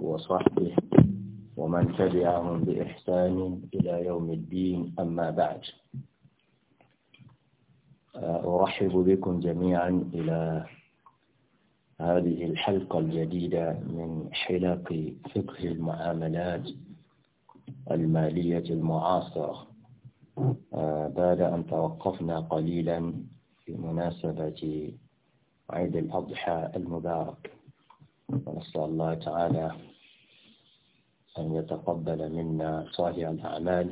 وصحبه ومن تبعهم بإحسان إلى يوم الدين أما بعد أرحب بكم جميعا إلى هذه الحلقة الجديدة من حلق فقه المعاملات المالية المعاصرة بعد أن توقفنا قليلا في مناسبة عيد الأضحى المبارك ونسأل الله تعالى أن يتقبل منا صالح الأعمال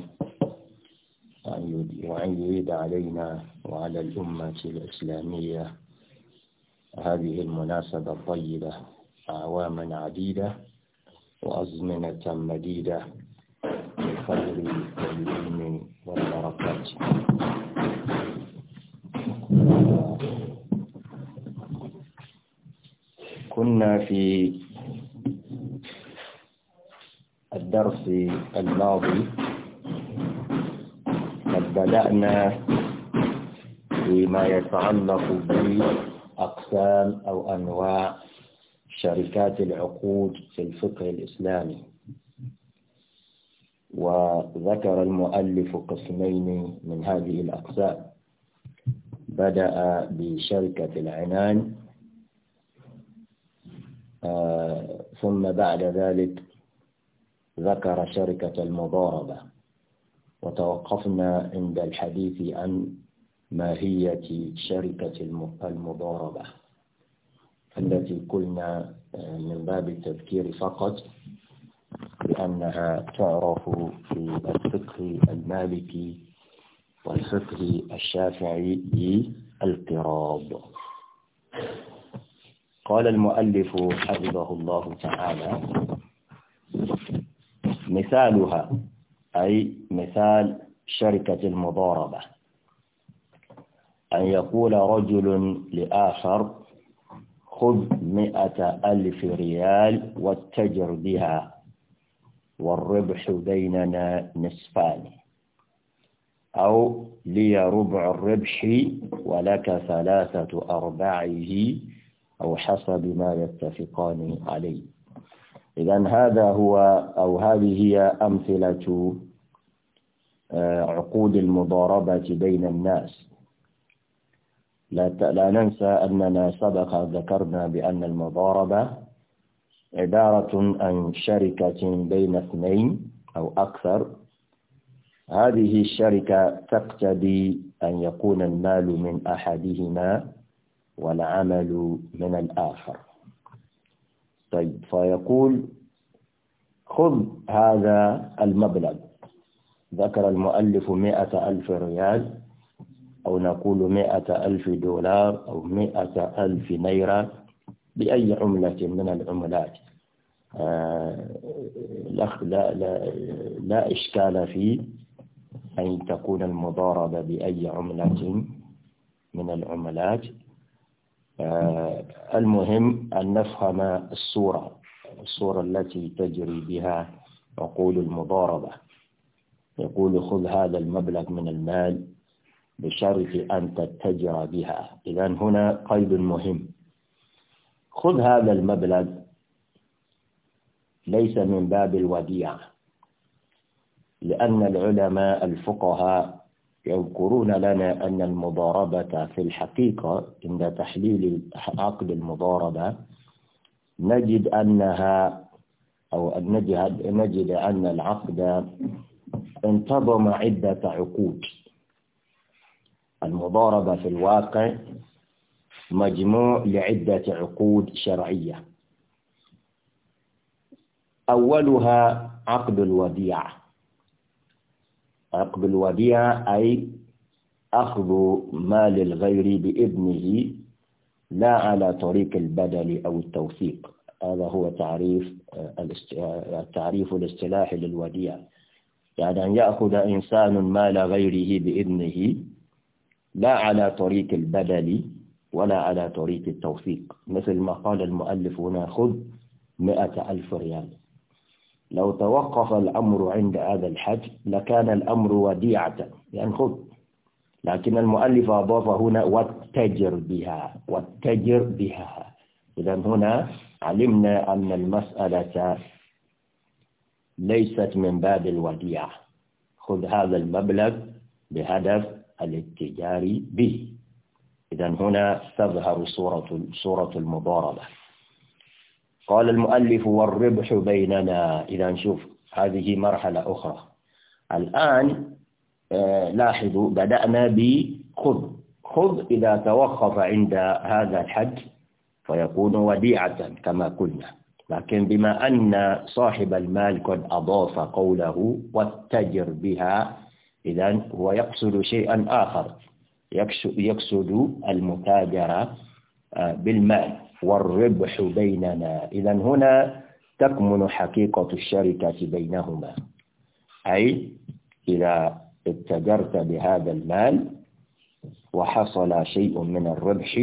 وأن يعيد علينا وعلى الأمة الإسلامية هذه المناسبة الطيبة أعواما عديدة وأزمنة مديدة بالخير والعلم والبركات كنا في الدرس الماضي قد بدأنا فيما يتعلق بأقسام أو أنواع شركات العقود في الفقه الإسلامي وذكر المؤلف قسمين من هذه الأقسام بدأ بشركة العنان آه، ثم بعد ذلك ذكر شركة المضاربة وتوقفنا عند الحديث عن ماهية شركة المضاربة التي قلنا آه، من باب التذكير فقط لأنها تعرف في الفقه المالكي والفقه الشافعي بالقراب قال المؤلف حفظه الله تعالى مثالها أي مثال شركة المضاربة أن يقول رجل لآخر خذ مئة ألف ريال واتجر بها والربح بيننا نصفان أو لي ربع الربح ولك ثلاثة أرباعه أو حسب ما يتفقان عليه إذا هذا هو أو هذه هي أمثلة آه، عقود المضاربة بين الناس لا لا ننسى أننا سبق ذكرنا بأن المضاربة عبارة عن شركة بين اثنين أو أكثر هذه الشركة تقتضي أن يكون المال من أحدهما والعمل من الآخر طيب فيقول خذ هذا المبلغ ذكر المؤلف مئة ألف ريال أو نقول مئة ألف دولار أو مئة ألف ليرة بأي عملة من العملات آه، لا, لا, لا إشكال في أن تكون المضاربة بأي عملة من العملات آه، المهم أن نفهم الصورة الصورة التي تجري بها عقول المضاربة يقول خذ هذا المبلغ من المال بشرط أن تتجر بها إذا هنا قيد مهم خذ هذا المبلغ ليس من باب الوديعة لأن العلماء الفقهاء يذكرون لنا أن المضاربة في الحقيقة عند تحليل عقد المضاربة نجد أنها أو نجد, نجد أن العقد انتظم عدة عقود المضاربة في الواقع مجموع لعدة عقود شرعية أولها عقد الوديعة عقد الوديعة أي أخذ مال الغير بإذنه لا على طريق البدل أو التوثيق هذا هو تعريف آه، التعريف آه، الاصطلاحي للوديعة يعني أن يأخذ إنسان مال غيره بإذنه لا على طريق البدل ولا على طريق التوفيق مثل ما قال المؤلف هنا خذ مئة ألف ريال لو توقف الأمر عند هذا الحج لكان الأمر وديعة يعني خذ لكن المؤلف أضاف هنا واتجر بها واتجر بها إذا هنا علمنا أن المسألة ليست من باب الوديعة خذ هذا المبلغ بهدف الاتجار به إذا هنا تظهر صورة صورة المضاربة قال المؤلف والربح بيننا إذا نشوف هذه مرحلة أخرى الآن آه، لاحظوا بدأنا بخذ خذ إذا توقف عند هذا الحد فيكون وديعة كما قلنا لكن بما أن صاحب المال قد أضاف قوله واتجر بها إذا هو يقصد شيئا آخر يقصد المتاجرة آه، بالمال والربح بيننا إذا هنا تكمن حقيقة الشركة بينهما أي إذا اتجرت بهذا المال وحصل شيء من الربح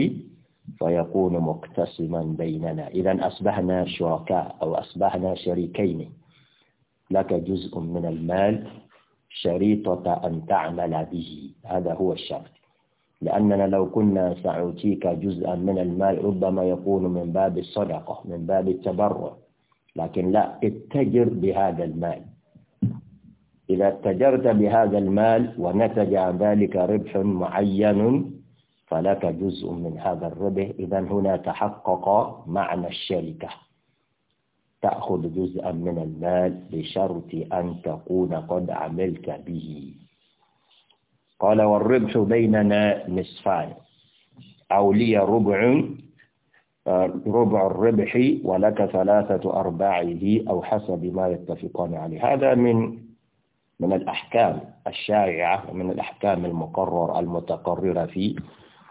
فيكون مقتسما بيننا إذا أصبحنا شركاء أو أصبحنا شريكين لك جزء من المال شريطة أن تعمل به هذا هو الشرط لأننا لو كنا سأعطيك جزءا من المال ربما يكون من باب الصدقة من باب التبرع لكن لا اتجر بهذا المال إذا اتجرت بهذا المال ونتج عن ذلك ربح معين فلك جزء من هذا الربح إذا هنا تحقق معنى الشركة تأخذ جزءا من المال بشرط أن تكون قد عملت به قال والربح بيننا نصفان أو لي ربع ربع الربح ولك ثلاثة أرباعه أو حسب ما يتفقان عليه هذا من من الأحكام الشائعة ومن الأحكام المقرر المتقررة في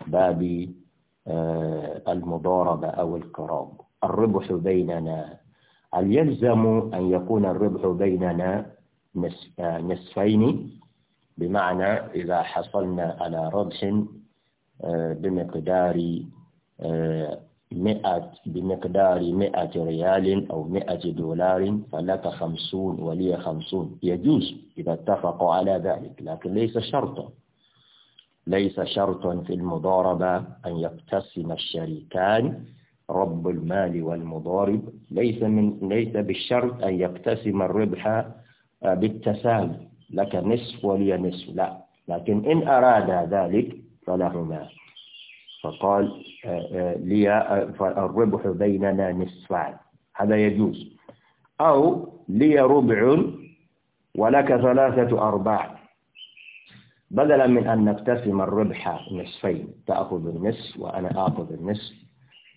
باب آه، المضاربة أو القراب الربح بيننا هل يلزم أن يكون الربح بيننا آه، نصفين بمعنى إذا حصلنا على ربح آه، بمقدار آه، مئة بمقدار مئة ريال أو مئة دولار فلك خمسون ولي خمسون يجوز إذا اتفقوا على ذلك لكن ليس شرطا ليس شرطا في المضاربة أن يقتسم الشريكان رب المال والمضارب ليس من ليس بالشرط أن يقتسم الربح آه، بالتساوي لك نصف ولي نصف لا لكن إن أراد ذلك فلهما فقال آه، آه، لي فالربح آه، بيننا نصفان هذا يجوز أو لي ربع ولك ثلاثة أرباع بدلا من أن نقتسم الربح نصفين تأخذ النصف وأنا آخذ النصف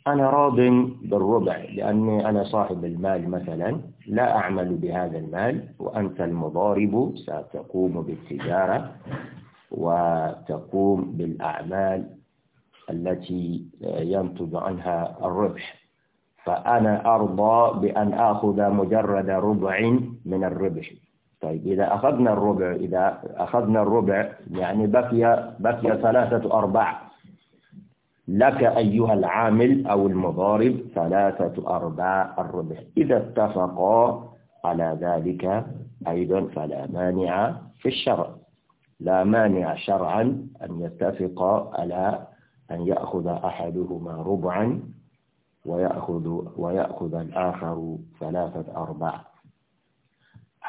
أنا راض بالربع لأني أنا صاحب المال مثلا لا أعمل بهذا المال وأنت المضارب ستقوم بالتجارة وتقوم بالأعمال التي ينتج عنها الربح فأنا أرضى بأن آخذ مجرد ربع من الربح طيب إذا أخذنا الربع إذا أخذنا الربع يعني بقي بقي ثلاثة أرباع لك أيها العامل أو المضارب ثلاثة أرباع الربح إذا اتفقا على ذلك أيضا فلا مانع في الشرع لا مانع شرعا أن يتفق على أن يأخذ أحدهما ربعا ويأخذ, ويأخذ الآخر ثلاثة أرباع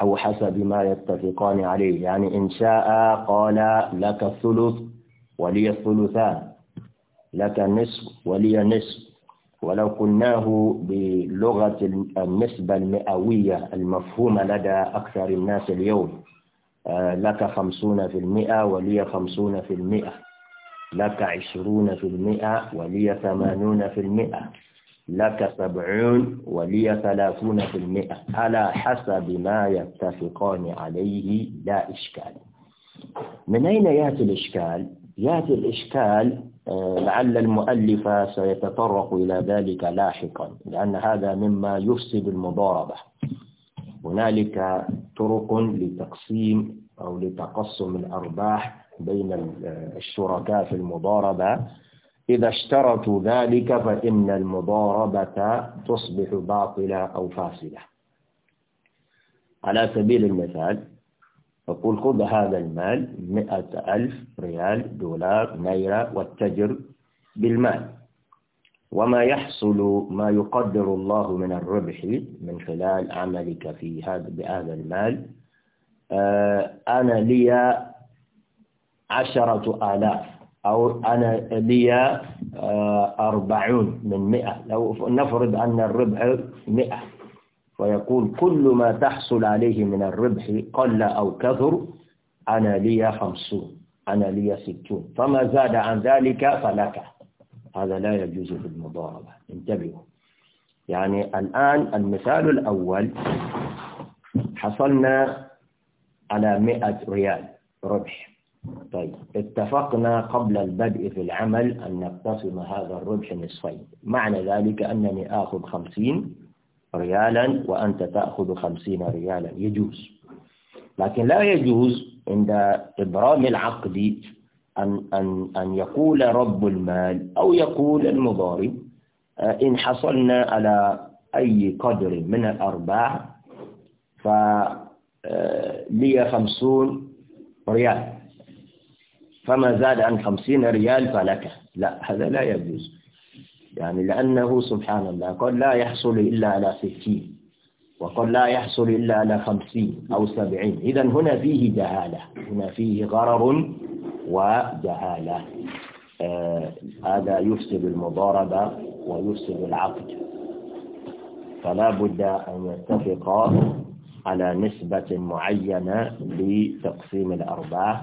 أو حسب ما يتفقان عليه يعني إن شاء قال لك الثلث ولي الثلثان لك نصف ولي نصف ولو قلناه بلغة النسبة المئوية المفهومة لدى أكثر الناس اليوم آه، لك خمسون في المئة ولي خمسون في المئة لك عشرون في المئة ولي ثمانون في المئة لك سبعون ولي ثلاثون في المئة على حسب ما يتفقان عليه لا إشكال من أين يأتي الإشكال؟ يأتي الإشكال آه، لعل المؤلف سيتطرق إلى ذلك لاحقا لأن هذا مما يفسد المضاربة هنالك طرق لتقسيم أو لتقسم الأرباح بين الشركاء في المضاربة إذا اشترطوا ذلك فإن المضاربة تصبح باطلة أو فاسدة على سبيل المثال فقل خذ هذا المال مئة ألف ريال دولار نيرة واتجر بالمال وما يحصل ما يقدر الله من الربح من خلال عملك في هذا بهذا المال آه، أنا لي عشرة آلاف أو أنا لي آه، أربعون من مئة لو نفرض أن الربح مئة ويقول كل ما تحصل عليه من الربح قل أو كثر أنا لي خمسون أنا لي ستون فما زاد عن ذلك فلك هذا لا يجوز في المضاربة انتبهوا يعني الآن المثال الأول حصلنا على مئة ريال ربح طيب اتفقنا قبل البدء في العمل أن نقتسم هذا الربح نصفين معنى ذلك أنني آخذ خمسين ريالا وأنت تأخذ خمسين ريالا يجوز لكن لا يجوز عند إبرام العقد أن, أن, أن يقول رب المال أو يقول المضارب آه، إن حصلنا على أي قدر من الأرباح فلي آه، خمسون ريال فما زاد عن خمسين ريال فلك لا هذا لا يجوز يعني لأنه سبحان الله قد لا يحصل إلا على ستين وقد لا يحصل إلا على خمسين أو سبعين إذا هنا فيه جهالة هنا فيه غرر وجهالة آه هذا يفسد المضاربة ويفسد العقد فلا بد أن يتفق على نسبة معينة لتقسيم الأرباح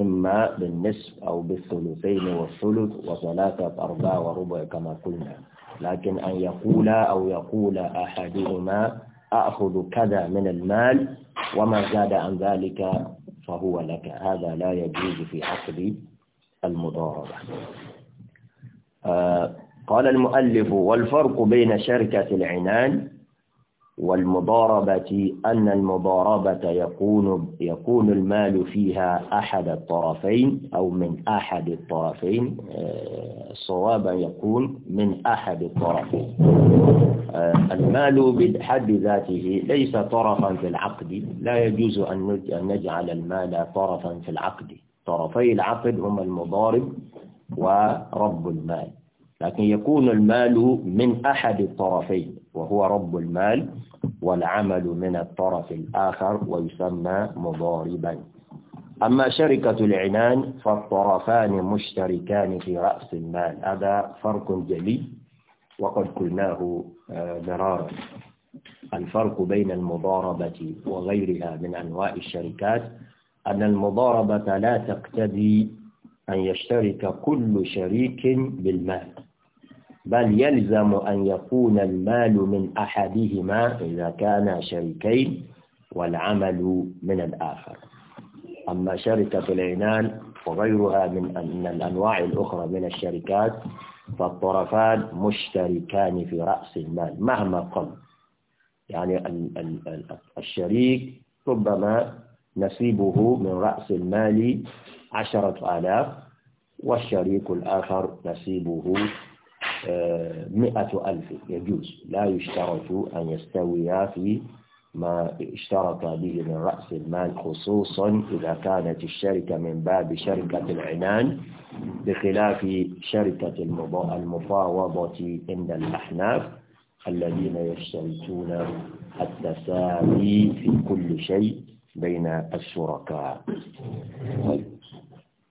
إما بالنصف أو بالثلثين والثلث وثلاثة أرباع وربع كما قلنا لكن أن يقول أو يقول أحدهما أأخذ كذا من المال وما زاد عن ذلك فهو لك هذا لا يجوز في عقد المضاربة آه قال المؤلف والفرق بين شركة العنان والمضاربة أن المضاربة يكون يكون المال فيها أحد الطرفين أو من أحد الطرفين آه، صوابا يكون من أحد الطرفين آه، المال بحد ذاته ليس طرفا في العقد لا يجوز أن نجعل المال طرفا في العقد طرفي العقد هما المضارب ورب المال لكن يكون المال من أحد الطرفين وهو رب المال والعمل من الطرف الآخر ويسمى مضاربا أما شركة العنان فالطرفان مشتركان في رأس المال هذا فرق جلي وقد قلناه آه، مرارا الفرق بين المضاربة وغيرها من أنواع الشركات أن المضاربة لا تقتضي أن يشترك كل شريك بالمال بل يلزم أن يكون المال من أحدهما إذا كان شريكين والعمل من الآخر أما شركة العنان وغيرها من الأنواع الأخرى من الشركات فالطرفان مشتركان في رأس المال مهما قل يعني الشريك ربما نسيبه من رأس المال عشرة آلاف والشريك الآخر نسيبه مئة ألف يجوز لا يشترط أن يستوي في ما اشترط به من رأس المال خصوصا إذا كانت الشركة من باب شركة العنان بخلاف شركة المفاوضة عند الأحناف الذين يشترطون التساوي في كل شيء بين الشركاء طيب.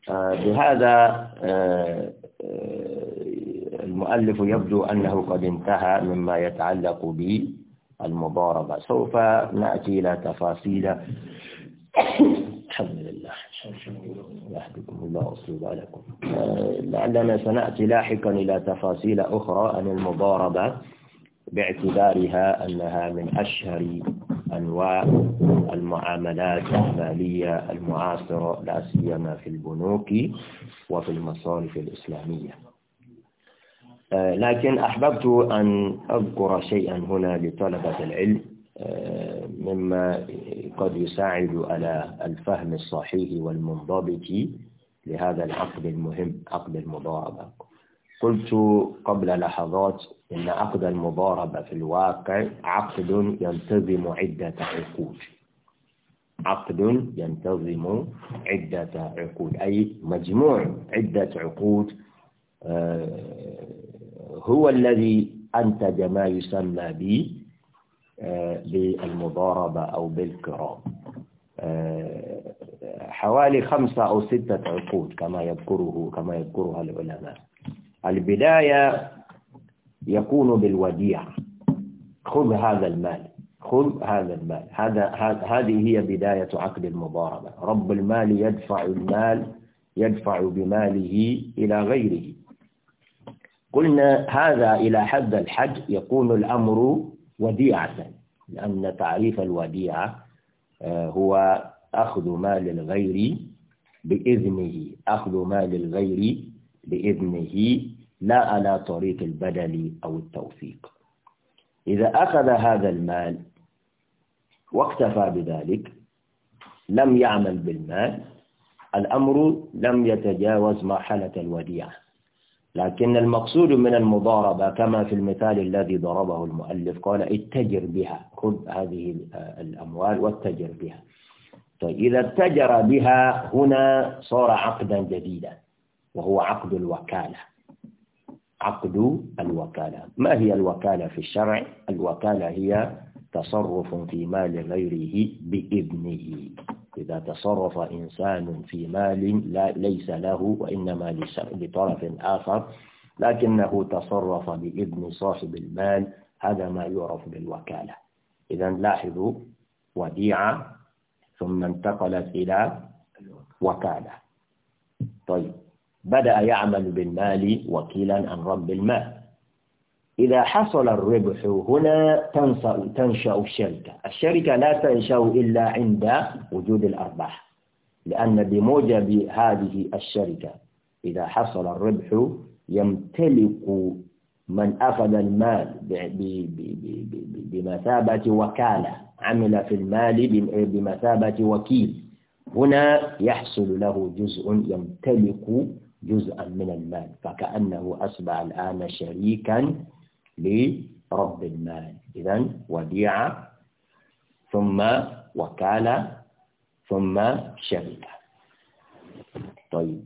آه، بهذا آه، آه، المؤلف يبدو أنه قد انتهى مما يتعلق بالمضاربة سوف نأتي إلى تفاصيل الحمد لله يحبكم الله أصيب عليكم لعلنا سنأتي لاحقا إلى تفاصيل أخرى عن المضاربة باعتبارها أنها من أشهر أنواع المعاملات المالية المعاصرة لا سيما في البنوك وفي المصارف الإسلامية آه، لكن أحببت أن أذكر شيئا هنا لطلبة العلم آه، مما قد يساعد على الفهم الصحيح والمنضبط لهذا العقد المهم عقد المضاربة قلت قبل لحظات إن عقد المضاربة في الواقع عقد ينتظم عدة عقود عقد ينتظم عدة عقود أي مجموع عدة عقود آه، هو الذي أنتج ما يسمى به آه، بالمضاربة أو بالكرام آه، حوالي خمسة أو ستة عقود كما يذكره كما يذكرها العلماء البداية يكون بالوديعة خذ هذا المال خذ هذا المال هذا هذه هي بداية عقد المضاربة رب المال يدفع المال يدفع بماله إلى غيره قلنا هذا إلى حد الحج يكون الأمر وديعة لأن تعريف الوديعة آه، هو أخذ مال الغير بإذنه أخذ مال الغير بإذنه لا على طريق البدل أو التوفيق إذا أخذ هذا المال واكتفى بذلك لم يعمل بالمال الأمر لم يتجاوز مرحلة الوديعة لكن المقصود من المضاربة كما في المثال الذي ضربه المؤلف قال اتجر بها خذ هذه الأموال واتجر بها طيب إذا اتجر بها هنا صار عقدا جديدا وهو عقد الوكالة عقد الوكالة ما هي الوكالة في الشرع؟ الوكالة هي تصرف في مال غيره بإذنه إذا تصرف إنسان في مال لا ليس له وإنما لطرف آخر لكنه تصرف بإذن صاحب المال هذا ما يعرف بالوكالة إذا لاحظوا وديعة ثم انتقلت إلى وكالة طيب بدأ يعمل بالمال وكيلا عن رب المال إذا حصل الربح هنا تنشأ الشركة الشركة لا تنشأ إلا عند وجود الأرباح لأن بموجب هذه الشركة إذا حصل الربح يمتلك من أخذ المال بمثابة وكالة عمل في المال بمثابة وكيل هنا يحصل له جزء يمتلك جزءا من المال فكأنه أصبح الآن شريكا لرب المال إذا وديعة ثم وكالة ثم شركة طيب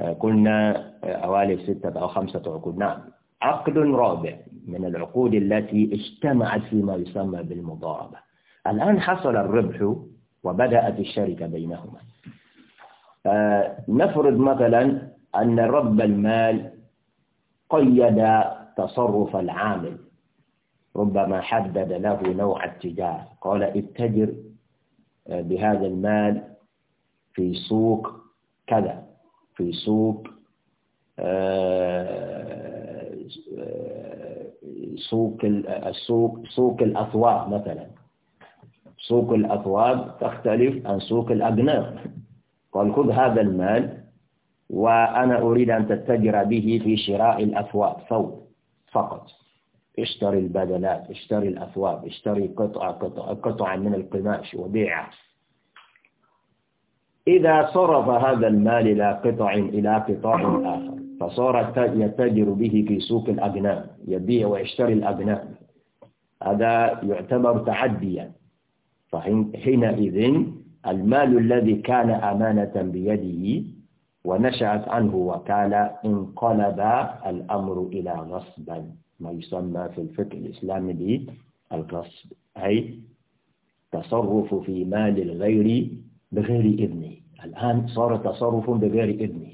آه، قلنا حوالي آه، ستة أو خمسة عقود نعم عقد رابع من العقود التي اجتمعت فيما يسمى بالمضاربة الآن حصل الربح وبدأت الشركة بينهما آه، نفرض مثلا أن رب المال قيد تصرف العامل ربما حدد له نوع التجارة قال اتجر آه، بهذا المال في سوق كذا في سوق آه، سوق السوق آه، سوق الأثواب مثلا سوق الأثواب تختلف عن سوق الأجناب قال خذ هذا المال وأنا أريد أن تتجر به في شراء الأثواب ثوب فقط اشتري البدلات اشتري الأثواب اشتري قطعة قطعة, قطعة من القماش وبيعها إذا صرف هذا المال إلى قطع إلى قطاع آخر فصار يتاجر به في سوق الابناء يبيع ويشتري الابناء هذا يعتبر تعديا فحينئذ المال الذي كان أمانة بيده ونشأت عنه وكالة انقلب الأمر إلى غصبا ما يسمى في الفقه الإسلامي بالغصب أي تصرف في مال الغير بغير إذنه الآن صار تصرف بغير إذنه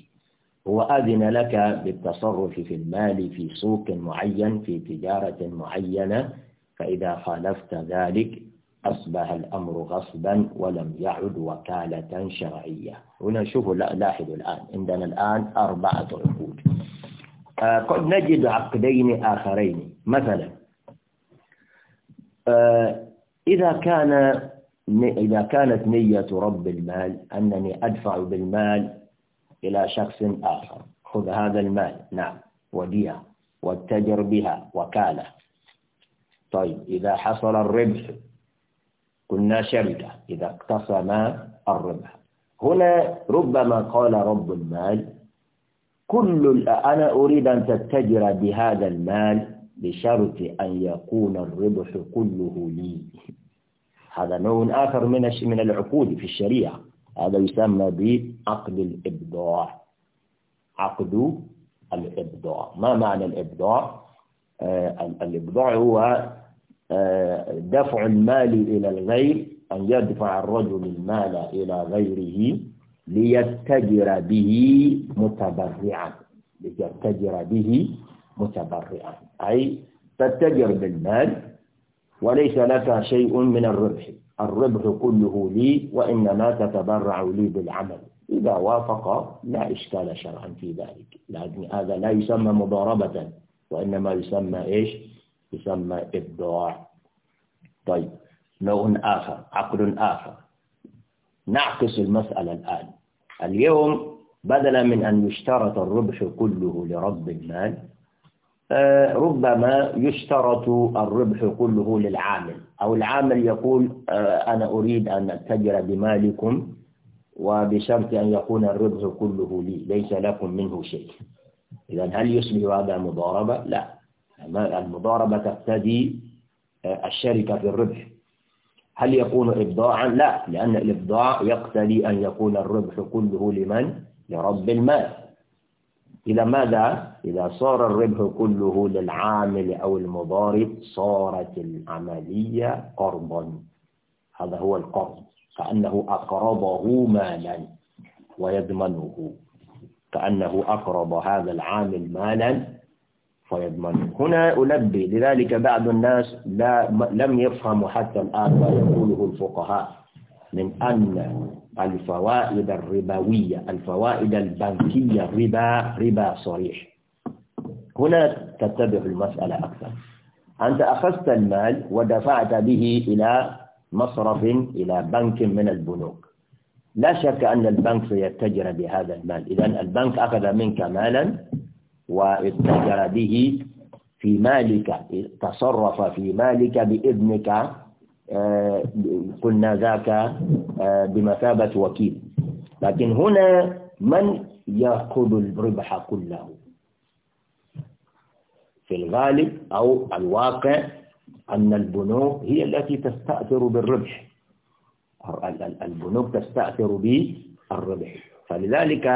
هو أذن لك بالتصرف في المال في سوق معين في تجارة معينة فإذا خالفت ذلك أصبح الأمر غصبا ولم يعد وكالة شرعية هنا شوفوا لاحظوا الآن عندنا الآن أربعة عقود آه، قد نجد عقدين آخرين مثلا آه، إذا كان إذا كانت نية رب المال أنني أدفع بالمال إلى شخص آخر خذ هذا المال نعم وديها واتجر بها وكالة طيب إذا حصل الربح كنا شركة إذا اقتسم الربح هنا ربما قال رب المال كل أنا أريد أن تتجر بهذا المال بشرط أن يكون الربح كله لي هذا نوع آخر من من العقود في الشريعة هذا يسمى بعقد الإبداع عقد الإبداع ما معنى الإبداع؟ آه، الإبداع هو دفع المال إلى الغير أن يدفع الرجل المال إلى غيره ليتجر به متبرعا ليتجر به متبرعا أي تتجر بالمال وليس لك شيء من الربح الربح كله لي وإنما تتبرع لي بالعمل إذا وافق لا إشكال شرعا في ذلك لكن هذا لا يسمى مضاربة وإنما يسمى إيش يسمى الدعاء طيب نوع آخر عقد آخر نعكس المسألة الآن اليوم بدلا من أن يشترط الربح كله لرب المال آه، ربما يشترط الربح كله للعامل أو العامل يقول آه، أنا أريد أن أتجر بمالكم وبشرط أن يكون الربح كله لي ليس لكم منه شيء إذا هل يصبح هذا مضاربة؟ لا المضاربة تقتدي آه، الشركة في الربح هل يكون إبضاعا؟ لا لأن الإبضاع يقتلي أن يكون الربح كله لمن؟ لرب المال إلى ماذا؟ إذا صار الربح كله للعامل أو المضارب صارت العملية قرضا هذا هو القرض كأنه أقرضه مالا ويضمنه كأنه أقرض هذا العامل مالا ويضمن طيب، هنا ألبي لذلك بعض الناس لا لم يفهموا حتى الآن ما يقوله الفقهاء من أن الفوائد الربوية الفوائد البنكية ربا ربا صريح هنا تتبع المسألة أكثر أنت أخذت المال ودفعت به إلى مصرف إلى بنك من البنوك لا شك أن البنك سيتجر بهذا المال إذا البنك أخذ منك مالا واستجر به في مالك تصرف في مالك بإذنك آه، قلنا ذاك آه، بمثابة وكيل لكن هنا من يأخذ الربح كله في الغالب أو الواقع أن البنوك هي التي تستأثر بالربح البنوك تستأثر بالربح فلذلك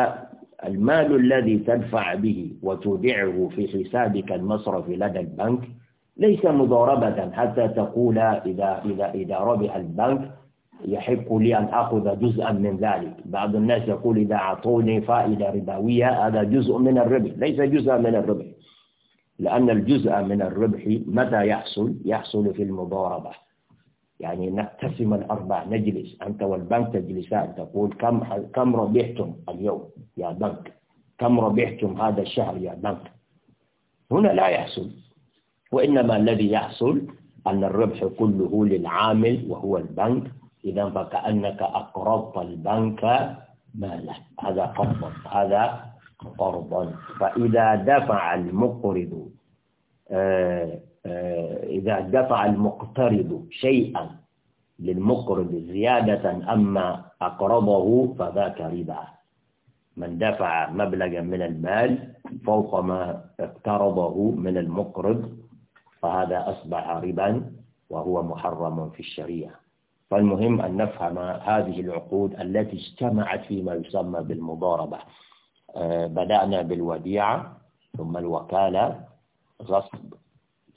المال الذي تدفع به وتودعه في حسابك المصرفي لدى البنك ليس مضاربة حتى تقول إذا, إذا, إذا ربح البنك يحق لي أن أخذ جزءا من ذلك بعض الناس يقول إذا أعطوني فائدة ربوية هذا جزء من الربح ليس جزء من الربح لأن الجزء من الربح متى يحصل يحصل في المضاربة يعني نقتسم الأربع نجلس أنت والبنك تجلسان تقول كم كم ربحتم اليوم يا بنك كم ربحتم هذا الشهر يا بنك هنا لا يحصل وإنما الذي يحصل أن الربح كله للعامل وهو البنك إذا فكأنك أقرضت البنك مالا هذا قرض هذا قرض فإذا دفع المقرض آه، آه، إذا دفع المقترض شيئا للمقرض زيادة أما أقرضه فذاك ربا من دفع مبلغا من المال فوق ما اقترضه من المقرض فهذا أصبح ربا وهو محرم في الشريعة فالمهم أن نفهم هذه العقود التي اجتمعت فيما يسمى بالمضاربة آه، بدأنا بالوديعة ثم الوكالة غصب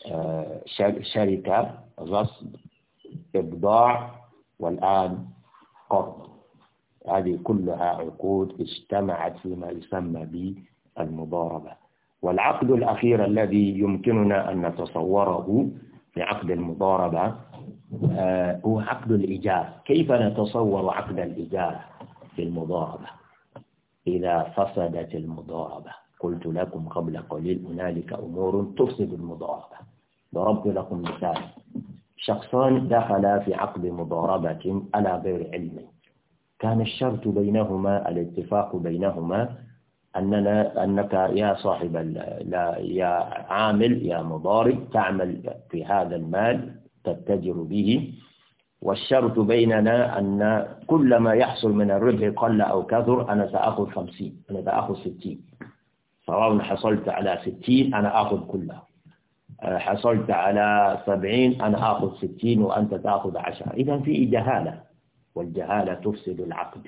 آه، شركة غصب إبضاع والآن قرض هذه كلها عقود اجتمعت فيما يسمى بالمضاربة والعقد الأخير الذي يمكننا أن نتصوره في عقد المضاربة آه، هو عقد الإيجار كيف نتصور عقد الإيجار في المضاربة إذا فسدت المضاربة قلت لكم قبل قليل هنالك أمور تفسد المضاربة ضربت لكم مثال شخصان دخلا في عقد مضاربة على غير علم كان الشرط بينهما الاتفاق بينهما أننا أنك يا صاحب لا يا عامل يا مضارب تعمل في هذا المال تتجر به والشرط بيننا أن كل ما يحصل من الربح قل أو كثر أنا سأخذ خمسين أنا سأخذ ستين سواء حصلت على ستين أنا آخذ كلها آه، حصلت على سبعين أنا آخذ ستين وأنت تأخذ عشرة إذا في جهالة والجهالة تفسد العقد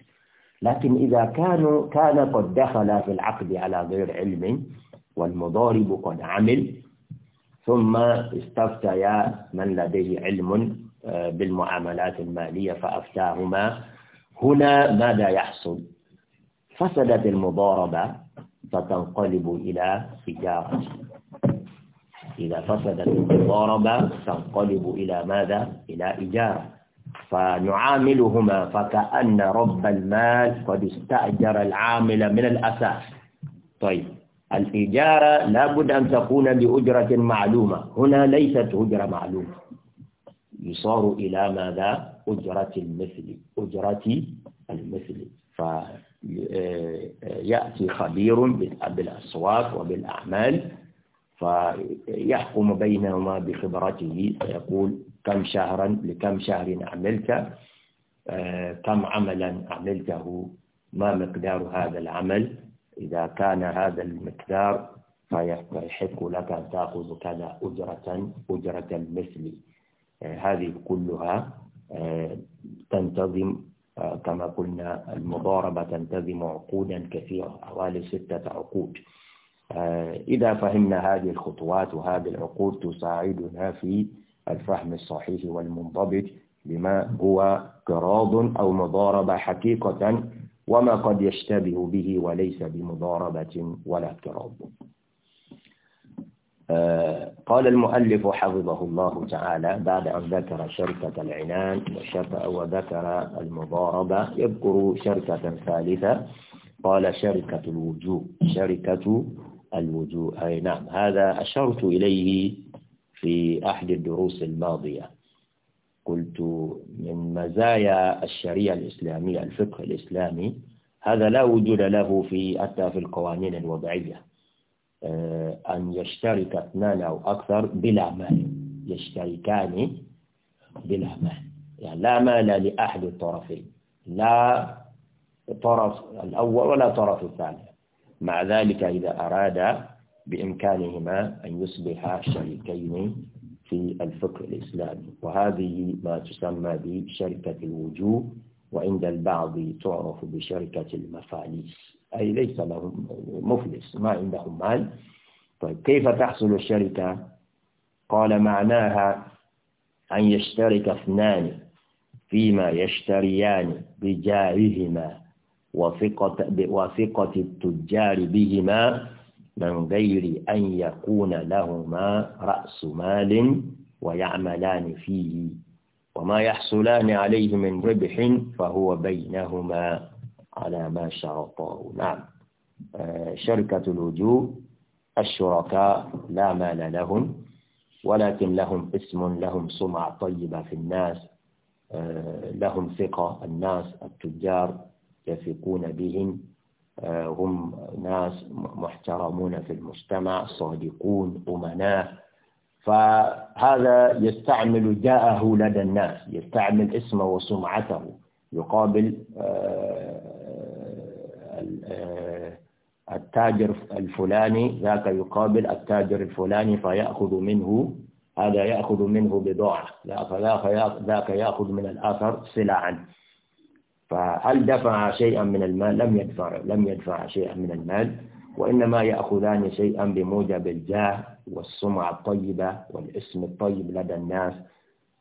لكن إذا كانوا كان قد دخل في العقد على غير علم والمضارب قد عمل ثم استفتيا من لديه علم آه، بالمعاملات المالية فأفتاهما هنا ماذا يحصل فسدت المضاربة فتنقلب إلى سجارة إذا فسدت المضاربة تنقلب إلى ماذا؟ إلى إجارة فنعاملهما فكأن رب المال قد استأجر العامل من الأساس طيب الإجارة لابد أن تكون بأجرة معلومة هنا ليست أجرة معلومة يصار إلى ماذا؟ أجرة المثل أجرة المثل ف يأتي خبير بالأصوات وبالأعمال فيحكم بينهما بخبرته فيقول كم شهرا لكم شهر عملت كم عملا عملته ما مقدار هذا العمل إذا كان هذا المقدار فيحق لك أن تأخذ كذا أجرة أجرة مثلي هذه كلها آه، تنتظم كما قلنا المضاربة تنتظم عقودا كثيرة حوالي ستة عقود آه، إذا فهمنا هذه الخطوات وهذه العقود تساعدنا في الفهم الصحيح والمنضبط لما هو قراض أو مضاربة حقيقة وما قد يشتبه به وليس بمضاربة ولا قراض قال المؤلف حفظه الله تعالى بعد أن ذكر شركة العنان وذكر المضاربة يذكر شركة ثالثة قال شركة الوجوه شركة الوجوه أي نعم هذا أشرت إليه في أحد الدروس الماضية قلت من مزايا الشريعة الإسلامية الفقه الإسلامي هذا لا وجود له في حتى في القوانين الوضعية آه، أن يشترك اثنان أو أكثر بلا مال يشتركان بلا مال يعني لا مال لأحد الطرفين لا طرف الأول ولا طرف الثاني مع ذلك إذا أراد بإمكانهما أن يصبحا شريكين في الفقه الإسلامي وهذه ما تسمى بشركة الوجوه وعند البعض تعرف بشركة المفاليس أي ليس لهم مفلس ما عندهم مال طيب كيف تحصل الشركة قال معناها أن يشترك اثنان فيما يشتريان بجارهما وثقة, وثقة التجار بهما من غير أن يكون لهما رأس مال ويعملان فيه وما يحصلان عليه من ربح فهو بينهما على ما شرطه نعم آه، شركة الوجوه الشركاء لا مال لهم ولكن لهم اسم لهم سمعة طيبة في الناس آه، لهم ثقة الناس التجار يثقون بهم آه، هم ناس محترمون في المجتمع صادقون أمناء فهذا يستعمل جاءه لدى الناس يستعمل اسمه وسمعته يقابل آه، التاجر الفلاني ذاك يقابل التاجر الفلاني فيأخذ منه هذا يأخذ منه بضاعة ذاك يأخذ من الآخر سلعا فهل دفع شيئا من المال لم يدفع لم يدفع شيئا من المال وإنما يأخذان شيئا بموجب الجاه والسمعة الطيبة والاسم الطيب لدى الناس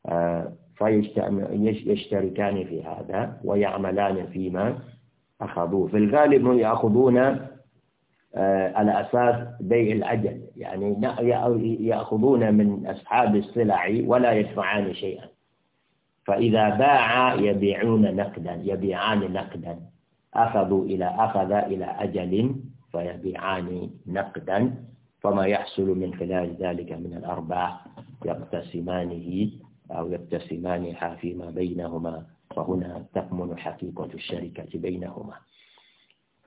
آه، فيشتركان في هذا ويعملان فيما أخذوه في الغالب هم يأخذون آه، على أساس بيع العجل يعني يأخذون من أصحاب السلع ولا يدفعان شيئا فإذا باع يبيعون نقدا يبيعان نقدا أخذوا إلى أخذ إلى أجل فيبيعان نقدا فما يحصل من خلال ذلك من الأرباح يقتسمانه أو يقتسمانها فيما بينهما فهنا تكمن حقيقة الشركة بينهما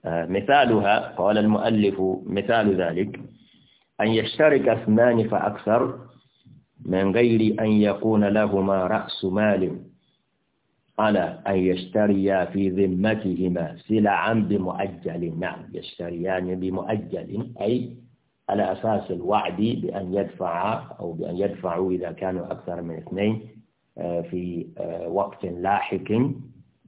آه، مثالها قال المؤلف مثال ذلك أن يشترك اثنان فأكثر من غير أن يكون لهما رأس مال على أن يشتريا في ذمتهما سلعا بمؤجل نعم يشتريان بمؤجل أي على أساس الوعد بأن يدفع أو بأن يدفعوا إذا كانوا أكثر من اثنين آه، في آه، وقت لاحق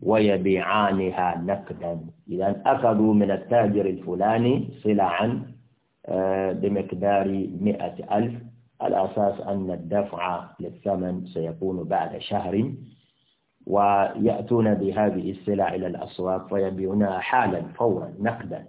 ويبيعانها نقدا إذا أخذوا من التاجر الفلاني سلعا آه، بمقدار مئة ألف على أساس أن الدفع للثمن سيكون بعد شهر ويأتون بهذه السلع إلى الأسواق فيبيعونها حالا فورا نقدا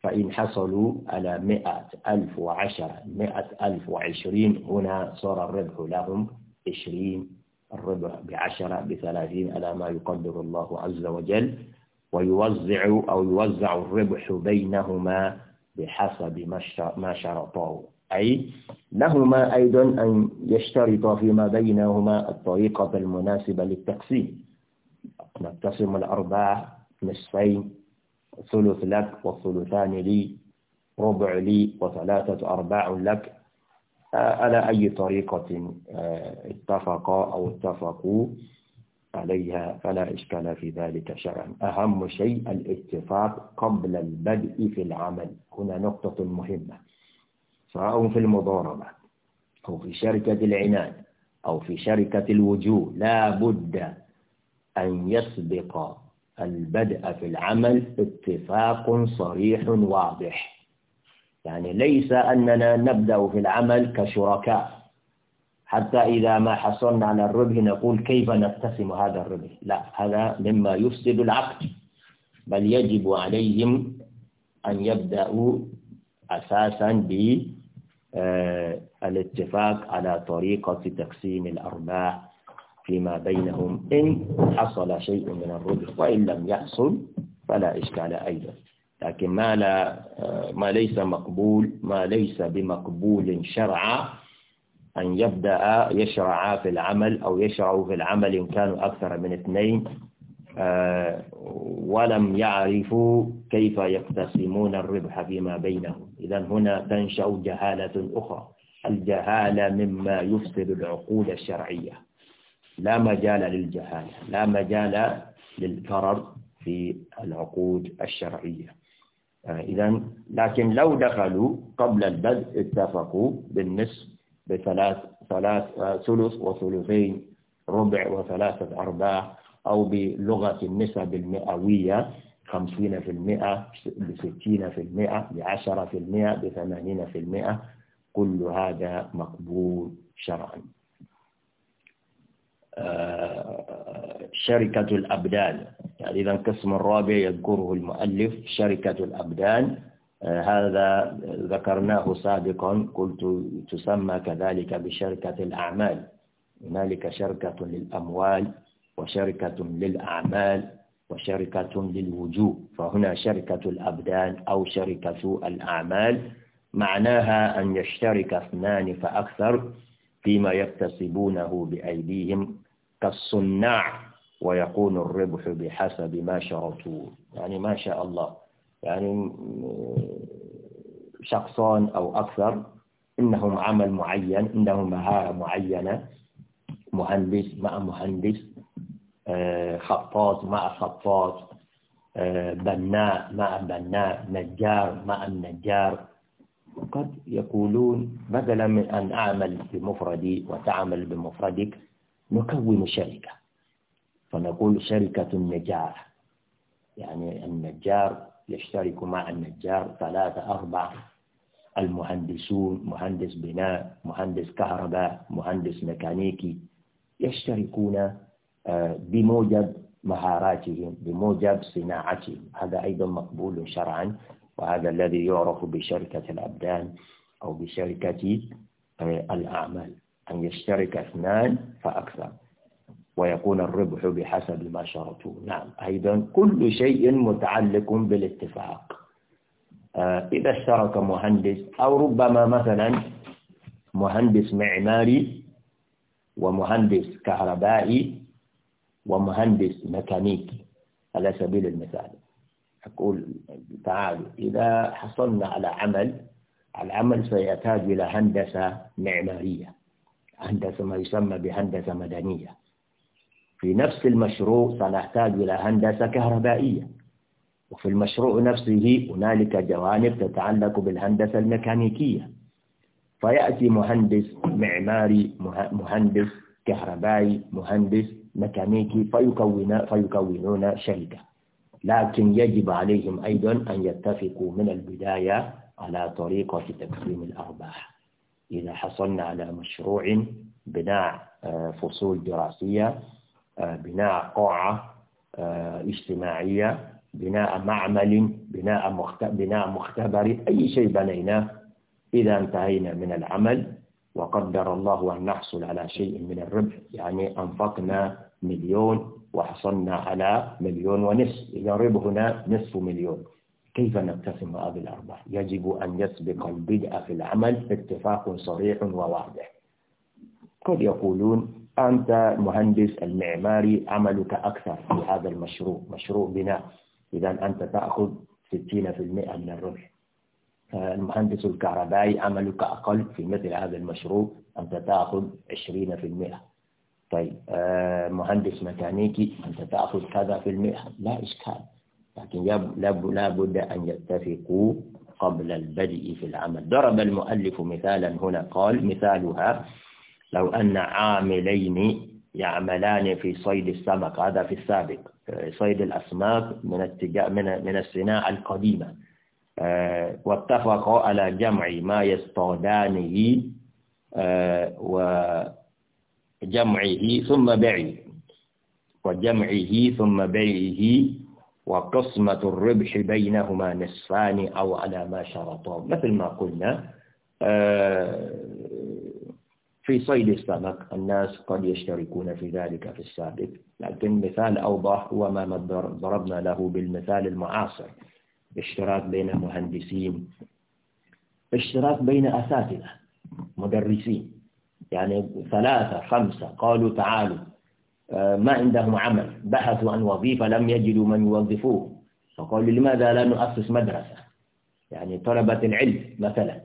فإن حصلوا على مئة ألف وعشرة مئة ألف وعشرين هنا صار الربح لهم عشرين الربح بعشرة بثلاثين على ما يقدر الله عز وجل ويوزع أو يوزع الربح بينهما بحسب ما شرطاه أي لهما أيضا أن يشترطا فيما بينهما الطريقة المناسبة للتقسيم نقسم الأرباح نصفين ثلث لك والثلثان لي ربع لي وثلاثة أرباع لك على أي طريقة آه، اتفقا أو اتفقوا عليها فلا إشكال في ذلك شرعا أهم شيء الاتفاق قبل البدء في العمل هنا نقطة مهمة سواء في المضاربة أو في شركة العناد أو في شركة الوجوه لا بد أن يسبق البدء في العمل اتفاق صريح واضح يعني ليس أننا نبدأ في العمل كشركاء حتى إذا ما حصلنا على الربح نقول كيف نقتسم هذا الربح لا هذا مما يفسد العقد بل يجب عليهم أن يبدأوا أساسا بالاتفاق آه، الاتفاق على طريقة تقسيم الأرباح فيما بينهم إن حصل شيء من الربح وإن لم يحصل فلا إشكال أيضا لكن ما لا آه، ما ليس مقبول ما ليس بمقبول شرعا أن يبدأ يشرع في العمل أو يشرع في العمل إن كانوا أكثر من اثنين آه، ولم يعرفوا كيف يقتسمون الربح فيما بينهم إذا هنا تنشأ جهالة أخرى الجهالة مما يفسد العقود الشرعية لا مجال للجهالة لا مجال للكرر في العقود الشرعية آه، إذا لكن لو دخلوا قبل البدء اتفقوا بالنصف بثلاث ثلاث آه، ثلث وثلثين ربع وثلاثة أرباع أو بلغة النسب المئوية خمسين في المئة بستين في المئة بعشرة في المئة بثمانين في المئة كل هذا مقبول شرعا آه، شركة الأبدان يعني إذا القسم الرابع يذكره المؤلف شركة الأبدان آه، هذا ذكرناه سابقا قلت تسمى كذلك بشركة الأعمال هنالك شركة للأموال وشركة للأعمال وشركة للوجوه فهنا شركة الأبدان أو شركة الأعمال معناها أن يشترك اثنان فأكثر فيما يكتسبونه بأيديهم كالصناع ويكون الربح بحسب ما شرطوا يعني ما شاء الله يعني شخصان أو أكثر إنهم عمل معين إنهم مهارة معينة مهندس مع مهندس آه، خطاط مع خطاط آه، بناء مع بناء نجار مع النجار قد يقولون بدلا من أن أعمل بمفردي وتعمل بمفردك نكون شركة فنقول شركة النجار يعني النجار يشترك مع النجار ثلاثة أربعة المهندسون مهندس بناء مهندس كهرباء مهندس ميكانيكي يشتركون آه، بموجب مهاراتهم بموجب صناعتهم هذا أيضا مقبول شرعا وهذا الذي يعرف بشركة الأبدان أو بشركة آه، الأعمال أن يشترك اثنان فأكثر ويكون الربح بحسب ما شرطوا نعم أيضا كل شيء متعلق بالاتفاق آه، إذا اشترك مهندس أو ربما مثلا مهندس معماري ومهندس كهربائي ومهندس ميكانيكي على سبيل المثال أقول تعالوا إذا حصلنا على عمل العمل سيحتاج إلى هندسة معمارية هندسة ما يسمى بهندسة مدنية في نفس المشروع سنحتاج إلى هندسة كهربائية وفي المشروع نفسه هنالك جوانب تتعلق بالهندسة الميكانيكية فيأتي مهندس معماري مهندس كهربائي مهندس ميكانيكي فيكون فيكونون شركة لكن يجب عليهم أيضا أن يتفقوا من البداية على طريقة تقسيم الأرباح إذا حصلنا على مشروع بناء آه، فصول دراسية آه، بناء قاعة آه، اجتماعية بناء معمل بناء بناء مختبر أي شيء بنيناه إذا انتهينا من العمل وقدر الله أن نحصل على شيء من الربح يعني أنفقنا مليون وحصلنا على مليون ونصف إذا ربحنا نصف مليون كيف نقتسم هذه الأرباح يجب أن يسبق البدء في العمل اتفاق صريح وواضح قد يقولون أنت مهندس المعماري عملك أكثر في هذا المشروع مشروع بناء إذا أنت تأخذ 60% من الربح المهندس الكهربائي عملك أقل في مثل هذا المشروع أنت تأخذ 20% طيب آه، مهندس ميكانيكي أنت تأخذ كذا في المئة لا إشكال لكن لا بد أن يتفقوا قبل البدء في العمل ضرب المؤلف مثالا هنا قال مثالها لو أن عاملين يعملان في صيد السمك هذا في السابق آه، صيد الأسماك من من من الصناعة القديمة آه، واتفقوا على جمع ما يصطادانه آه، وجمعه ثم بيعه وجمعه ثم بيعه وقسمة الربح بينهما نصفان أو على ما شرطوا مثل ما قلنا في صيد السمك الناس قد يشتركون في ذلك في السابق لكن مثال أوضح هو ما ضربنا له بالمثال المعاصر اشتراك بين مهندسين اشتراك بين أساتذة مدرسين يعني ثلاثة خمسة قالوا تعالوا آه، ما عندهم عمل بحثوا عن وظيفة لم يجدوا من يوظفوه فقالوا لماذا لا نؤسس مدرسة يعني طلبة العلم مثلا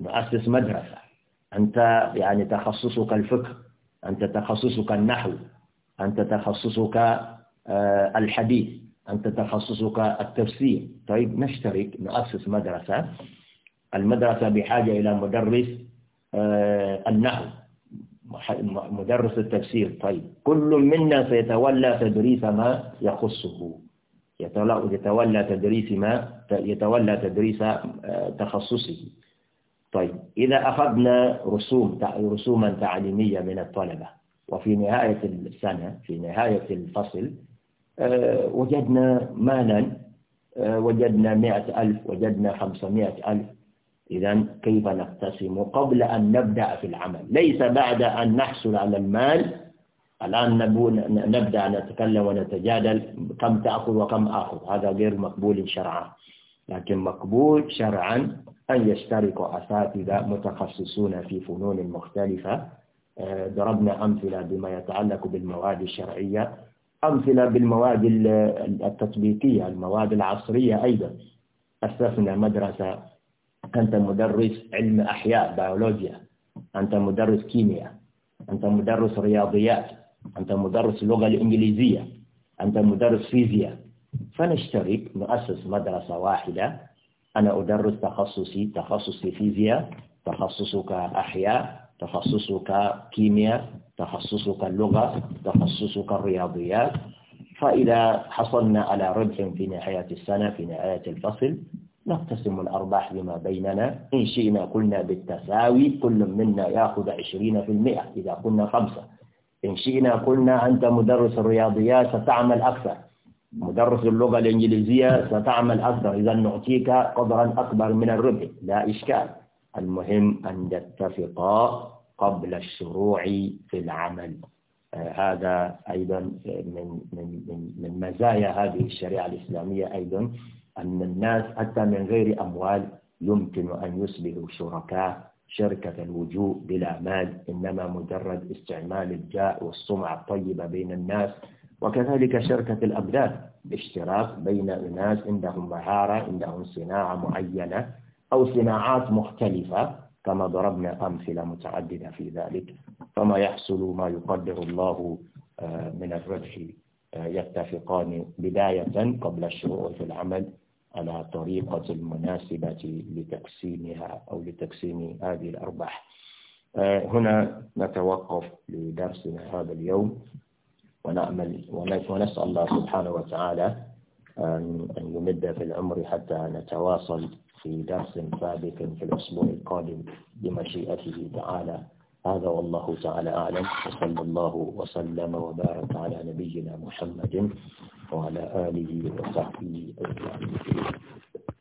نؤسس مدرسة أنت يعني تخصصك الفقه أنت تخصصك النحو أنت تخصصك آه، الحديث أنت تخصصك التفسير طيب نشترك نؤسس مدرسة المدرسة بحاجة إلى مدرس آه، النحو مدرس التفسير طيب كل منا سيتولى تدريس ما يخصه يتولى تدريس ما يتولى تدريس آه، تخصصه طيب إذا أخذنا رسوم رسوما تعليمية من الطلبة وفي نهاية السنة في نهاية الفصل آه، وجدنا مالا آه، وجدنا مئة ألف وجدنا خمسمائة ألف إذا كيف نقتسم قبل أن نبدأ في العمل ليس بعد أن نحصل على المال الآن نبدأ نتكلم ونتجادل كم تأخذ وكم أخذ هذا غير مقبول شرعا لكن مقبول شرعا أن يشترك أساتذة متخصصون في فنون مختلفة آه، ضربنا أمثلة بما يتعلق بالمواد الشرعية أمثلة بالمواد التطبيقية المواد العصرية أيضا أسسنا مدرسة أنت مدرس علم أحياء بيولوجيا أنت مدرس كيمياء أنت مدرس رياضيات أنت مدرس اللغة الإنجليزية أنت مدرس فيزياء فنشترك نؤسس مدرسة واحدة أنا أدرس تخصصي تخصصي فيزياء تخصصك أحياء تخصصك كيمياء تخصصك اللغة تخصصك الرياضيات فإذا حصلنا على ربح في نهاية السنة في نهاية الفصل نقتسم الأرباح بما بيننا إن شئنا قلنا بالتساوي كل منا يأخذ 20% إذا كنا خمسة إن شئنا قلنا أنت مدرس الرياضيات ستعمل أكثر مدرس اللغة الإنجليزية ستعمل أكثر إذا نعطيك قدرا أكبر من الربع لا إشكال المهم أن تتفقا قبل الشروع في العمل آه، هذا أيضا من من من من مزايا هذه الشريعة الإسلامية أيضا أن الناس حتى من غير أموال يمكن أن يصبحوا شركاء شركة الوجوء بلا مال إنما مجرد استعمال الجاء والسمعة الطيبة بين الناس وكذلك شركة الأبدان باشتراك بين أناس عندهم مهارة عندهم صناعة معينة أو صناعات مختلفة كما ضربنا أمثلة متعددة في ذلك فما يحصل ما يقدر الله آه، من الربح آه، يتفقان بداية قبل الشروع في العمل على طريقة المناسبة لتقسيمها أو لتقسيم هذه الأرباح آه، هنا نتوقف لدرسنا هذا اليوم ونأمل ونسأل الله سبحانه وتعالى أن يمد في العمر حتى نتواصل في درس سابق في الأسبوع القادم بمشيئته تعالى هذا والله تعالى أعلم وصلى الله وسلم وبارك على نبينا محمد وعلى آله وصحبه أجمعين